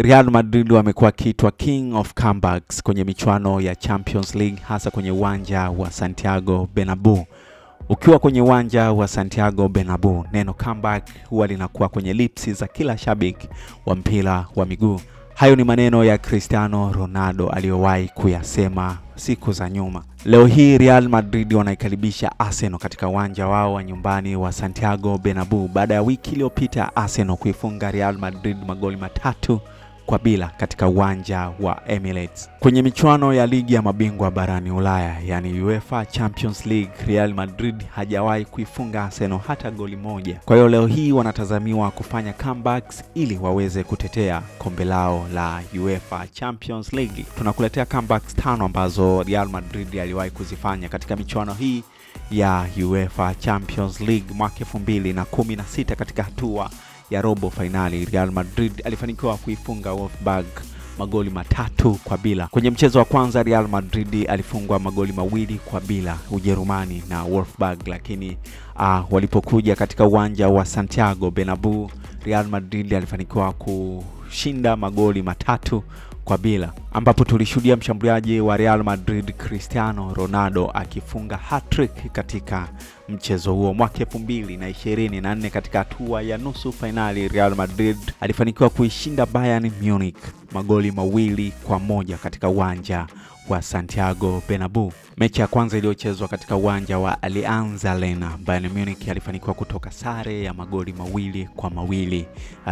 Real Madrid wamekuwa kitwa King of Comebacks kwenye michuano ya Champions League hasa kwenye uwanja wa Santiago Bernabeu. Ukiwa kwenye uwanja wa Santiago Bernabeu, neno comeback huwa linakuwa kwenye lipsi za kila shabiki wa mpira wa miguu. Hayo ni maneno ya Cristiano Ronaldo aliyowahi kuyasema siku za nyuma. Leo hii Real Madrid wanaikaribisha Arsenal katika uwanja wao wa nyumbani wa Santiago Bernabeu baada ya wiki iliyopita Arsenal kuifunga Real Madrid magoli matatu kwa bila katika uwanja wa Emirates. Kwenye michuano ya ligi ya mabingwa barani Ulaya, yani UEFA Champions League, Real Madrid hajawahi kuifunga Arsenal hata goli moja. Kwa hiyo leo hii wanatazamiwa kufanya comebacks ili waweze kutetea kombe lao la UEFA Champions League. Tunakuletea comebacks tano ambazo Real Madrid aliwahi kuzifanya katika michuano hii ya UEFA Champions League mwaka 2016 katika hatua ya robo fainali Real Madrid alifanikiwa kuifunga Wolfsburg magoli matatu kwa bila. Kwenye mchezo wa kwanza Real Madrid alifungwa magoli mawili kwa bila Ujerumani na Wolfsburg, lakini uh, walipokuja katika uwanja wa Santiago Bernabeu Real Madrid alifanikiwa kushinda magoli matatu kwa bila ambapo tulishuhudia mshambuliaji wa Real Madrid Cristiano Ronaldo akifunga hat-trick katika mchezo huo. Mwaka elfu mbili na ishirini na nne katika hatua ya nusu fainali, Real Madrid alifanikiwa kuishinda Bayern Munich magoli mawili kwa moja katika uwanja wa Santiago Bernabeu. Mechi ya kwanza iliyochezwa katika uwanja wa Allianz Arena, Bayern Munich alifanikiwa kutoka sare ya magoli mawili kwa mawili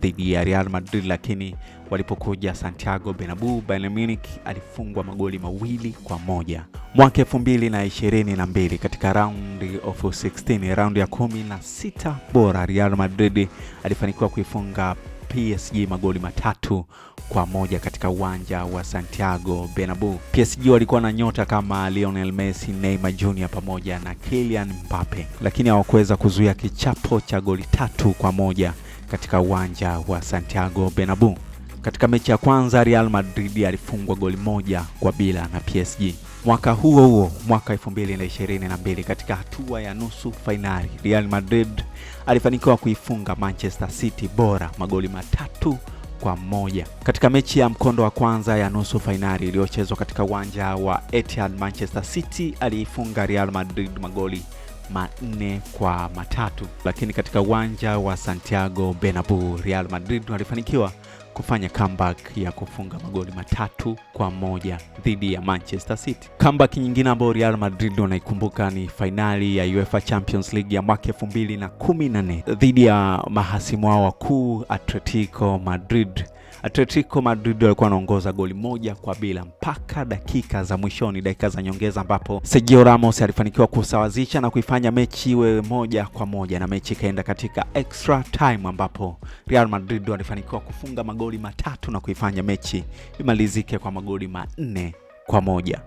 dhidi ya Real Madrid, lakini walipokuja Santiago Bernabeu, Bayern Munich alifungwa magoli mawili kwa moja mwaka mbili katika round of 16, raundi ya kumi na sita bora. Real Madrid alifanikiwa kuifunga PSG magoli matatu kwa moja katika uwanja wa Santiago Bernabeu. PSG walikuwa na nyota kama Lionel Messi, Neymar Jr pamoja na Kylian Mbappe, lakini hawakuweza kuzuia kichapo cha goli tatu kwa moja katika uwanja wa Santiago Bernabeu. Katika mechi ya kwanza Real Madrid alifungwa goli moja kwa bila na PSG. Mwaka huo huo mwaka 2022 katika hatua ya nusu fainali Real Madrid alifanikiwa kuifunga Manchester City bora magoli matatu kwa moja katika mechi ya mkondo wa kwanza ya nusu fainali iliyochezwa katika uwanja wa Etihad. Manchester City aliifunga Real Madrid magoli manne kwa matatu, lakini katika uwanja wa Santiago Bernabeu Real Madrid walifanikiwa kufanya comeback ya kufunga magoli matatu kwa moja dhidi ya Manchester City. Comeback nyingine ambayo Real Madrid wanaikumbuka ni fainali ya UEFA Champions League ya mwaka 2014 dhidi ya mahasimu wao wakuu Atletico Madrid. Atletico Madrid walikuwa wanaongoza goli moja kwa bila mpaka dakika za mwishoni, dakika za nyongeza, ambapo Sergio Ramos alifanikiwa kusawazisha na kuifanya mechi iwe moja kwa moja, na mechi ikaenda katika extra time ambapo Real Madrid walifanikiwa kufunga magoli magoli matatu na kuifanya mechi imalizike kwa magoli manne kwa moja.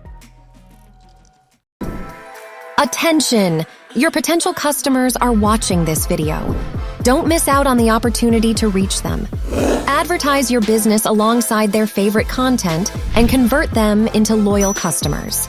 Attention, your potential customers are watching this video. Don't miss out on the opportunity to reach them. Advertise your business alongside their favorite content and convert them into loyal customers.